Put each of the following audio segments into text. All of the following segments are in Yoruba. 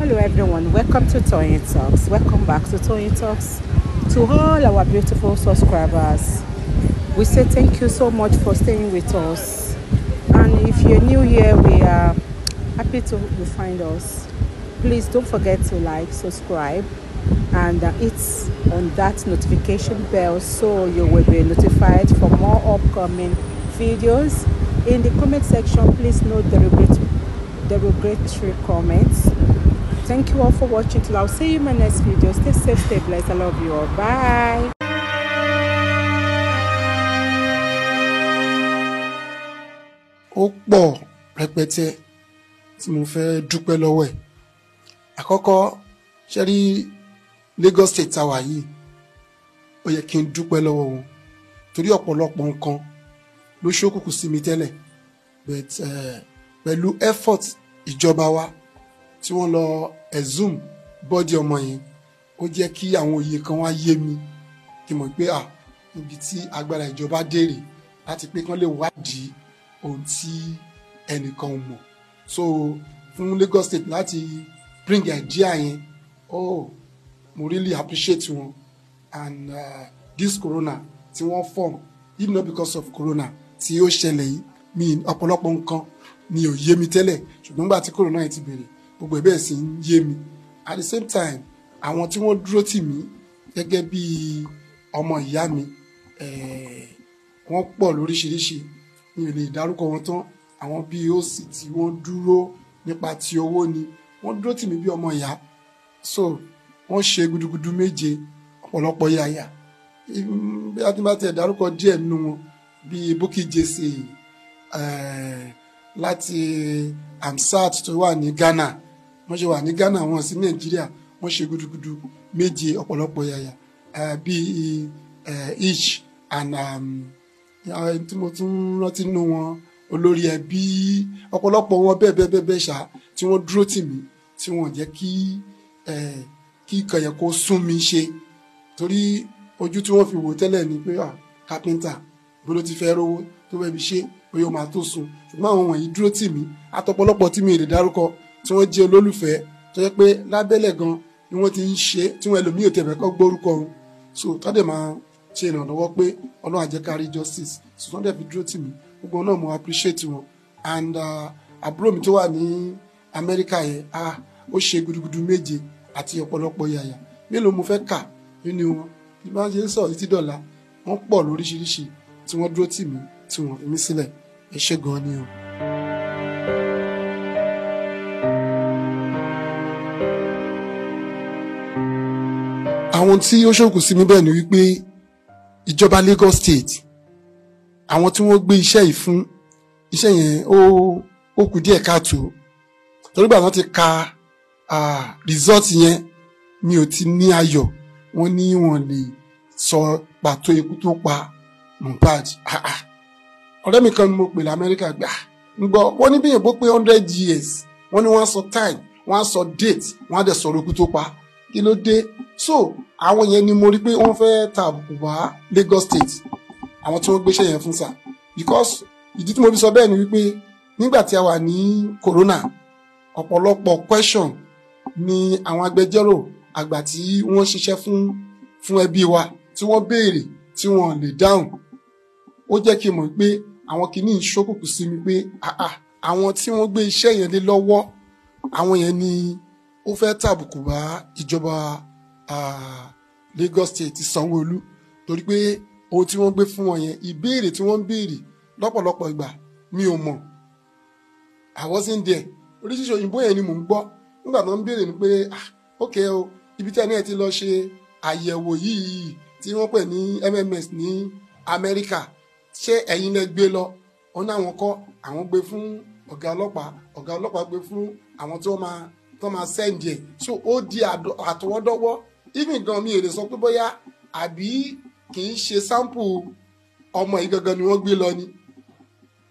hello everyone welcome to Toyeen Talks welcome back to Toyeen Talks to all our beautiful subscribers we say thank you so much for staying with us and if you're new here we are happy to you find us please don't forget to like subscribe and uh, it's on that notification bell so you will be notified for more upcoming videos in the comment section please note the regretful comments thank you all for watching till i'll see you in my next video stay safe stay blessed i love you all bye ó pọ̀ rẹpẹtẹ tí mo fẹ́ dúpẹ́ lọ́wọ́ ẹ̀ àkọ́kọ́ ṣe rí Lagos State tá a wà yìí ó yẹ kí n dúpẹ́ lọ́wọ́ wọn torí ọ̀pọ̀lọpọ̀ nǹkan ló ṣókùnkùn sí mi tẹ́lẹ̀ but eh, pẹ̀lú effort ìjọba wa tí wọ́n lọ ẹ̀zùm bọ́dí ọmọ yẹn ó jẹ́ kí àwọn òye kan wá yé mi kí mọ̀ pé à níbi tí agbára ìjọba dèrè láti pé kán lè wádìí ohun tí ẹnìkan mọ̀ so fún Lagos State láti bring idea yẹn oh mo really appreciate wọn and uh, this corona tí wọ́n form if not because of corona tí ó ṣẹlẹ̀ yìí mi ọ̀pọ̀lọpọ̀ nǹkan ni ò yé mi tẹ́lẹ̀ ṣùgbọ́n nígbà tí corona yìí ti bẹ̀rẹ̀ gbogbo ẹ̀ bẹ́ẹ̀ sì ń yé mi at the same time àwọn tí wọ́n dúró tì mí gẹ́gẹ́ bí ọmọ ìyá mi eh, wọ́n pọ̀ lóríṣiríṣi mi ò lè dárúkọ wọn tán àwọn bíi ó sì tí wọ́n dúró nípa ti owó ni wọ́n dúró tì mí bí ọmọ ìyá so wọ́n ṣe gudugudu méje ọ̀pọ̀lọpọ̀ yàyà bí a ti bá tiẹ̀ dárúkọ díẹ̀ nínú wọn bíi Bukky Jesse eh, láti Amsat tó wà ní Ghana wọ́n ṣe wà ní Ghana wọ́n sí Nàìjíríà wọ́n ṣe gudugudu méje ọ̀pọ̀lọpọ̀ yàyà bíi each and um, tí mo tún rántí nínú wọn olórí ẹbí ọ̀pọ̀lọpọ̀ wọn bẹ́ẹ̀ bẹ́ẹ̀ bẹ́ẹ̀ ṣá tí wọ́n dúró tì mí tí wọ́n jẹ́ kí kí nǹkan kó sún mi ṣe torí ojú tí wọ́n fi wò tẹ́lẹ̀ ni pé kápẹ́ńtà bó ló ti fẹ́ rówó tó bẹ́ẹ̀ fi ṣe pé ó máa ṣùgbọ́n àwọn wọ̀nyí dúró tì mí àtọ̀pọ̀lọpọ̀ tí mi lè dárúkọ tí wọ́n jẹ́ olólùfẹ́ tó jẹ́ pé lábẹ́lẹ̀ gan ni wọ́n ti ń ṣe tí wọ́n ẹlòmíì ò tẹ̀fẹ́ kọ́ gbórúkọ òun so tọ́dẹ̀ máa ṣe ìrànlọ́wọ́ pé ọlọ́run àjẹkárí justice so tọ́dẹ̀ fi dúró tì mí gbogbo náà mo appreciate wọn and uh, àbúrò mi tó wà ní amẹ́ríkà yẹn ah ó ṣe gudugudu méje àti ọ̀pọ̀lọpọ̀ yàyà mélòó mo fẹ́ kà nínú wọn bí bá ṣe ń sọ̀rọ̀ títí dọ̀la wọ́n pọ̀ lóríṣiríṣi tí wọ́n dúró tì mí tí wọ́n fi mí sílẹ̀ ẹ ṣé gan ni o. àwọn tí ó ṣòkù sí mi bẹ́ẹ̀ ni wípé ìjọba Lagos State àwọn tí wọ́n gbé iṣẹ́ yìí fún iṣẹ́ yẹn ó ó kù díẹ̀ káàtó torí gbà wọ́n ti ka result yẹn mi ò ti ní ayọ̀ wọ́n ní wọ́n lè sọ pàtó ikú tó pa Mohbad ọ̀rẹ́ mi kan ni mo pè lamẹ́ríkà gbà ń gbọ́ ní bí bó pé hundred years wọ́n ní wọ́n á sọ time wọ́n á sọ date wọ́n á dẹ̀ sọ̀rọ̀ ikú tó pa kí ló dé so àwọn yẹn ni mo rí pé wọ́n fẹ́ ta wá Lagos State àwọn tí wọ́n gbéṣẹ́ yẹn fún sà because ìdí tí mo fi sọ bẹ́ẹ̀ ni wípé nígbà tí a wà ní corona ọ̀pọ̀lọpọ̀ question ni àwọn agbẹjọ́rò àgbà tí wọ́n ṣiṣẹ́ fún fún ẹbí wa tí wọ́n béèrè tí wọ́n lè dáhùn ó jẹ́ kí n mọ̀ pé àwọn kìíní ìṣókùnkùn sí mi pé àwọn tí wọ́n gbé iṣẹ́ yẹn lé lọ́wọ́ àwọn yẹn ni ó fẹ́ tàbùkù bá ìjọba Lagos State sanwó torí pé ohun tí wọ́n gbé fún wọn yẹn ìbéèrè tí wọ́n ń béèrè lọ́pọ̀lọpọ̀ ìgbà mi ò mọ̀ I wasn't there oríṣiríṣi òyìnbó yẹn ni mò ń gbọ́ nígbà tó ń béèrè ni pé ah ok o ibi tí ẹni ẹ ti lọ ṣe àyẹ̀wò yìí tí wọ́n pè ní MMS ní Amẹ́ríkà ṣé ẹ̀yin lẹ gbé lọ wọn náà wọn kọ́ àwọn gbé fún ọ̀gá ọlọ́pàá ọ̀gá ọlọ́pàá gbé fún àwọn tí wọ́n máa tán máa sẹ́ǹdì ẹ̀ so ó di àtọwọ́dọ́wọ́ even gan mi ò lè sọ pé bóyá àbí kì í ṣe sample ọmọ yìí gangan ni wọ́n gbé lọ ni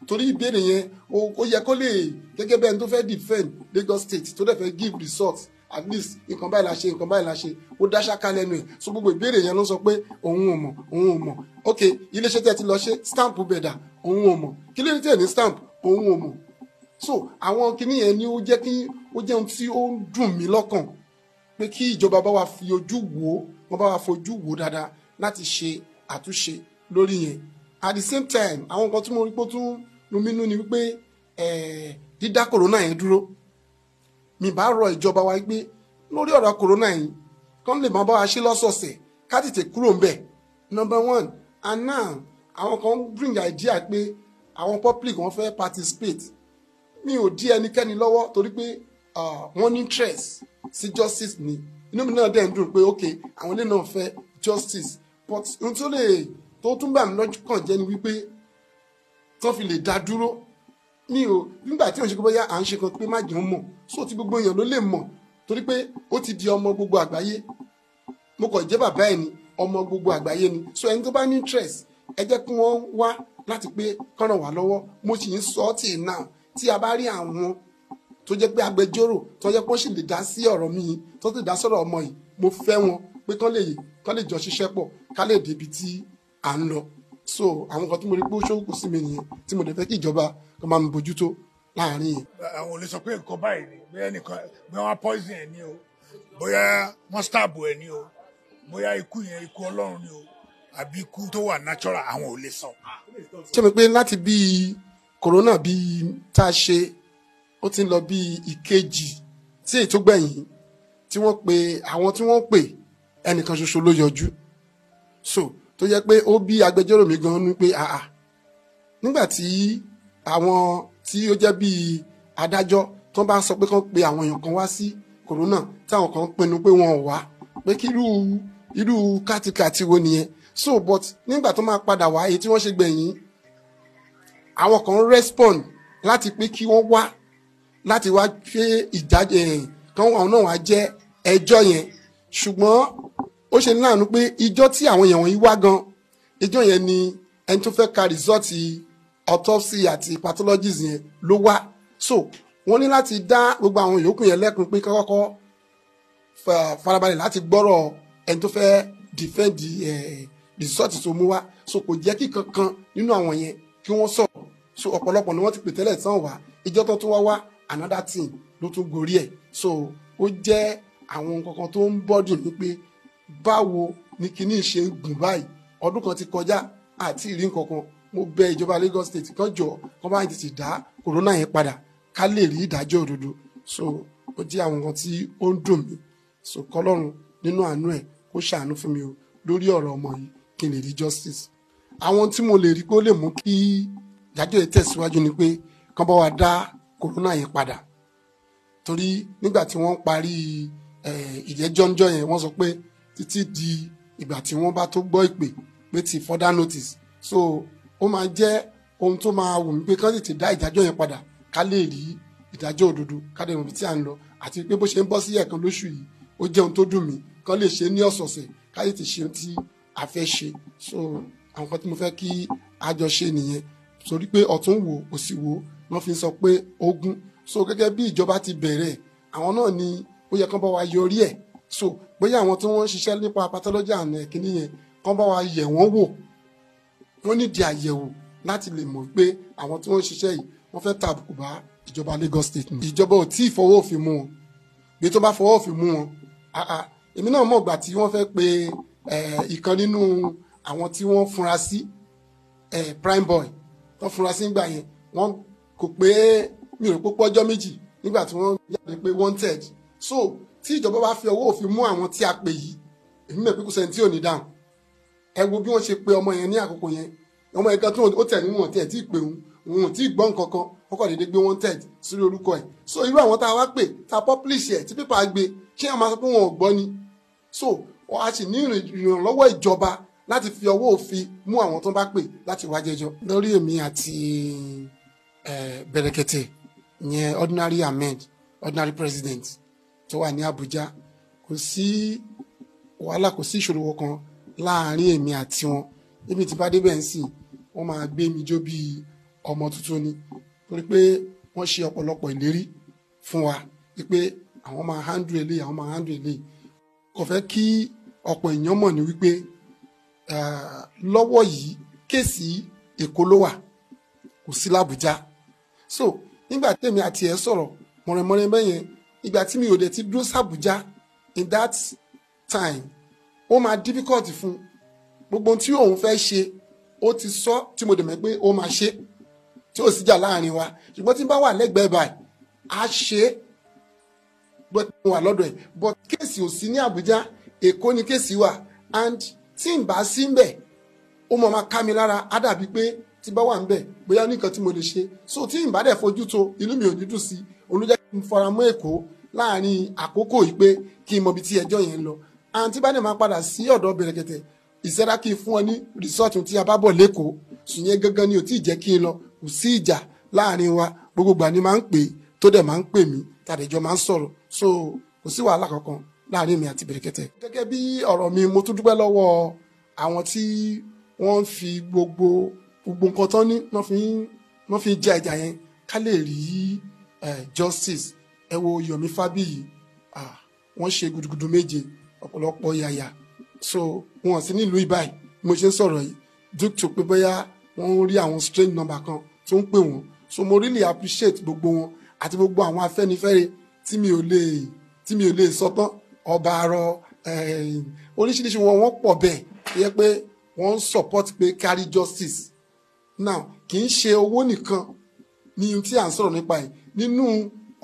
torí ìbéèrè yẹn ó yẹ kó lè gẹ́gẹ́ bẹ́ẹ̀ ni tó fẹ́ defend Lagos State tó dẹ̀ fẹ́ give results at least nǹkan báyìí la ṣe nǹkan báyìí la ṣe ó dáṣà ká lẹ́nu ẹ̀ so gbogbo ìbéèrè yẹn ló sọ pé òun ò mọ̀ òun ò mọ̀ ok iléeṣẹ́ tẹ́ ti lọ ṣe stamp bẹ̀dà òun ò mọ̀ kí ló ń tẹ̀ ní stamp òun ò mọ̀ so àwọn kinní yẹn ni ó jẹ́ kí ó jẹun tí ó ń dùn mí lọ́kàn pé kí ìjọba bá wa fi ojú wò ó wọ́n bá wa fojú wò ó dáadáa láti ṣe àtúnṣe lórí yẹn at the same time àwọn nǹkan tí mo rí pé ó tún rún mí nú ni wípé eh, dídá kòrónà yẹn dúró mi bá rọ ìjọba wa pé lórí ọ̀rọ̀ kòrónà yìí kán lè máa bá wa ṣe lọ́sọ̀ọ̀sẹ̀ ká tètè kúrò ńbẹ̀ number one and now àwọn kan bring idea pé àwọn public wọn fẹ́ participate mi ò dí ẹnikẹ́ni lọ́wọ́ torí pé Ah, wọ́n ní interest sí justice ni inú mi náà dẹ̀ ń dùn pé ok àwọn ilé náà fẹ́ justice but ohun tó lè tó tún bà mí lọ́kàn jẹ́ ni wípé tán fi lè dá dúró mi ò nígbà tí òun ṣe bóyá à ń ṣe kan pé má jẹun mọ̀ so ti gbogbo èèyàn ló lè mọ̀ torí pé ó ti di ọmọ gbogbo àgbáyé mo kàn jẹ́ bàbá ẹ̀ ni ọmọ gbogbo àgbáyé ni so ẹni tó bá ní interest ẹ jẹ́ kí wọ́n wá láti pé kọ́ràn wá lọ́wọ́ mo sì ń sọ ọ́ tì náà tí a bá rí àwọn tó jẹ́ pé agbẹjọ́rò tó jẹ́ pé wọ́n sì lè dá sí ọ̀rọ̀ mi yìí tó sì dá sọ̀rọ̀ ọmọ yìí mo fẹ́ wọn pé kán lè kán lè jọ ṣiṣẹ́ pọ̀ ká lè débi tí à ń lọ so àwọn nǹkan tí mo rí pé ó ṣókùn sí mi nìyẹn tí mo dẹ̀ fẹ́ kí ìjọba kan máa mi bójútó láàrin yìí. àwọn olè sọ pé nǹkan báyìí ni bóyá nìkan bóyá wọn poison ẹ ní o bóyá wọn stab ẹ ní o bóyá ikú yẹn ikú ọlọ́run ni o àbí ikú tó wà natural àwọn olè sọ. ṣé mi pé láti bíi corona bíi tá a ṣe ó ti ń lọ bí ìkejì tí èyí tó gbẹ̀yìn tí wọ́n pe àwọn tí wọ́n pè ẹnìkan ṣoṣo ló yọjú so tó yẹ pé ó bí agbẹjọ́rò mi gan ní pé àà nígbà tí àwọn tí ó jẹ́ bíi adájọ́ tó bá sọ pé kán pe àwọn èèyàn kan wá sí kòrónà táwọn kan pinnu pé wọn ò wá pé kí irú irú kátikàti wo nìyẹn so but nígbà tó máa padà wá èyí tí wọ́n ṣe gbẹ̀yìn àwọn kan respond láti pé kí wọ́n wá láti wá pé ìdájọ́ yẹn kan àwọn náà wá jẹ́ ẹjọ́ yẹn ṣùgbọ́n ó ṣe ní láàánú pé ìjọ tí àwọn èèyàn wọ̀nyí wá gan ìjọ yẹn ni ẹni tó fẹ́ ka rìsọ́ọ̀tì autopsy àti pathologies yẹn ló wá so wọ́n ní láti dá gbogbo àwọn yòókù yẹn lẹ́kun pé kọ́kọ́ farabalẹ̀ láti gbọ́rọ̀ ẹni tó fẹ́ defend eh, rìsọ́ọ̀tì tó mú wá so kò jẹ́ kí kankan nínú àwọn yẹn kí wọ́n sọ̀rọ̀ so ọ̀pọ̀lọpọ̀ ni wọ́n ti pè tẹ́lẹ̀ tán wá ìjọ tó tún wá wá another thing ló tún gorí ẹ̀ so ó jẹ́ àwọn kankan tó ń bọ́dùn ní pé báwo ni kinní ṣe ń gùn báyìí ọdún kan ti kọjá àti ìrí nkankan mo bẹ ìjọba Lagos State kan jọ kan báyìí ti dá Corona yẹn padà ká lè rí ìdájọ́ òdodo so ó jẹ́ àwọn nǹkan tí ó ń dùn mí so kọlọ́run nínú àánú ẹ̀ kó ṣàánú fún mi o lórí ọ̀rọ̀ ọmọ yìí kí n lè rí justice àwọn tí mo lè rí pé ó lè mú kí ìdájọ́ yẹn tẹ̀síwájú ni pé kán bá wa dá kòrónà yẹn padà torí nígbà tí wọ́n parí ìjẹ́jọ́njọ́ yẹn wọ́n sọ pé títí di ìgbà tí wọ́n bá tó gbọ́ ìpè pé ti further notice so ó máa jẹ́ ohun tó máa wù mí pé kán tètè dá ìdájọ́ yẹn padà ká lè rí ìdájọ́ òdodo ká lè mọ̀ bí tí à ń lọ àti pé bó ṣe ń bọ́ sí ẹ̀ẹ̀kan lóṣù yìí ó jẹ́ ohun tó dùn mí kán lè ṣe ní ọ̀sọ̀ọ̀sẹ̀ ká lè ti ṣe ohun tí a fẹ́ ṣe so àwọn kan tí mo fẹ́ kí a jọ ṣe nìyẹn torí pé ọ̀tún wo òsì wo wọ́n fi sọ pé ogun so gẹ́gẹ́ bí ìjọba ti bẹ̀rẹ̀ àwọn náà ni ó yẹ kán bá wa yọrí ẹ̀ so bóyá àwọn tí wọ́n ń ṣiṣẹ́ nípa pathology àná ẹ̀kíní yẹn kán bá wa yẹ̀ wọ́n wò wọ́n nídìí àyẹ̀wò láti lè mọ̀ pé àwọn tí wọ́n ń ṣiṣẹ́ yìí wọ́n fẹ́ tàbùkù bá ìjọba Lagos State ni. ìjọba ò tí ì fọwọ́ òfin mú wọn bí tó bá fọwọ́ òfin mú wọn èmi náà mọ̀ gbà tí wọ́n fẹ́ pe ìkan nínú àwọn tí wọ́n fura sí prime boy wọ́n fura sí gbà yẹn wọ́n kò pé mi ò púpọ̀ ọjọ́ méjì nígbà tí wọ́n jáde pé wanted so tí ìjọba bá fi ọwọ́ òfin mú àwọn tí a pè yìí èmi mẹ̀ pé kò sẹ́ni tí ò ní dáhùn ẹ wo bí wọ́n ṣe pe ọmọ yẹn ní àkókò yẹn ọmọ yẹn kan tó ó tẹ̀ ní wọn tẹ̀ tí ì pè òun òun ò tí ì gbọ́ nǹkan kan wọ́n kàn déédéé gbé wanted sórí orúkọ ẹ̀ so irú àwọn tá a wá pè tá a publish ẹ̀ tí pépà gbé kí wọ́n máa sọ pé wọn ò gbọ́ ni so a sì ní ìrànlọ́wọ́ ìjọba láti fi ọwọ́ òfin mú àwọn tó bá pè láti wá lórí èmi àti Eh, bẹ̀rẹ̀kẹ̀tẹ̀ yẹn ordinary ahmed ordinary president tó wà ní Abuja kò sí wàhálà kò sí ìṣòro kan láàrin èmi àti wọn níbi tí bá débẹ̀ ń sìn wọ́n máa gbé mi jó bíi ọmọ tuntun ni torí pé wọ́n ṣe ọ̀pọ̀lọpọ̀ ìlérí fún wa wípé àwọn máa handle eléyìí àwọn máa handle eléyìí kò fẹ́ kí ọ̀pọ̀ èèyàn mọ̀ ní wípé eh, lọ́wọ́ yìí kéèsì Èkó ló wà kò sí l'Àbújá so nígbà tèmi àti ẹ sọ̀rọ̀ mọ̀rẹ̀mọ̀rẹ̀ bẹ́yẹn ìgbà tí mi ò dẹ̀ ti dúró sàbújá in that time ó máa difficult fún gbogbo tí òun fẹ́ ṣe ó ti sọ tí mo dẹ̀ mọ̀ pé ó máa ṣe tí ò síjà láàrin wa ṣùgbọ́n tí n bá wà lẹ́gbẹ̀ẹ́ báyìí á ṣe é gbọ́ tí mo wà lọ́dọ̀ ẹ̀ but kéèsì ò sí ní Àbújá Èkó ni kéèsì wà and tí n bá sí ń bẹ̀ ó mọ̀ máa ká mi lára á dàbí pé tí bá wà ń bẹ̀ bóyá nìkan tí mo lè ṣe so tí n bá dẹ̀ fojú tó inú mi ò ní dùn sí olùjẹ́ kí n fara mọ́ èkó láàrin àkókò yìí pé kí n mọ ibi tí ẹjọ́ yẹn ń lọ àǹtí bá dẹ̀ máa padà sí ọ̀dọ̀ bẹ̀rẹ̀kẹ̀tẹ̀ ìṣẹ́ra kí n fún ọ ní rìsọ́ọ̀tù tí a bá bọ̀ lẹ́kọ̀ọ́ sùnyẹn gangan ni ò tí ì jẹ́ kí n lọ kò sí ìjà láàrin wa gbogbo gbà ni máa ń pè tó so kò sí wàhálà kankan láàrin mi àti bẹ̀rẹ̀kẹ̀tẹ̀. gẹ́gẹ́ bí ọ̀rọ̀ mi mo tún gbogbo nǹkan tán ní wọ́n fi jẹ́ ẹ̀jà yẹn ká lè rí justice ẹ wo Yomi Fabiyi wọ́n ṣe gudugudu méje ọ̀pọ̀lọpọ̀ yàyà so wọn sì nílùú ìbáyìí mo ṣe ń sọ̀rọ̀ yìí duke tó pé bóyá wọ́n rí àwọn strange number kan tó ń pè wọ́n so mo really appreciate gbogbo wọn àti gbogbo àwọn afẹ́nifẹ́re tí mi ò lè tí mi ò lè sọ tán ọba arọ oríṣiríṣi wọn wọ́n pọ̀ bẹ́ẹ̀ yẹ pé wọ́n ń support pé carry justice now kì í ṣe owó nìkan ni ohun tí à ń sọ̀rọ̀ nípa yìí nínú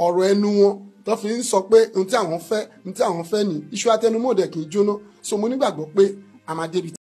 ọ̀rọ̀ ẹnu wọn tó fi ń sọ pé ohun tí àwọn fẹ́ ohun tí àwọn fẹ́ ni iṣu atẹnumọ́ òde kì í jóná so mo nígbàgbọ́ pé a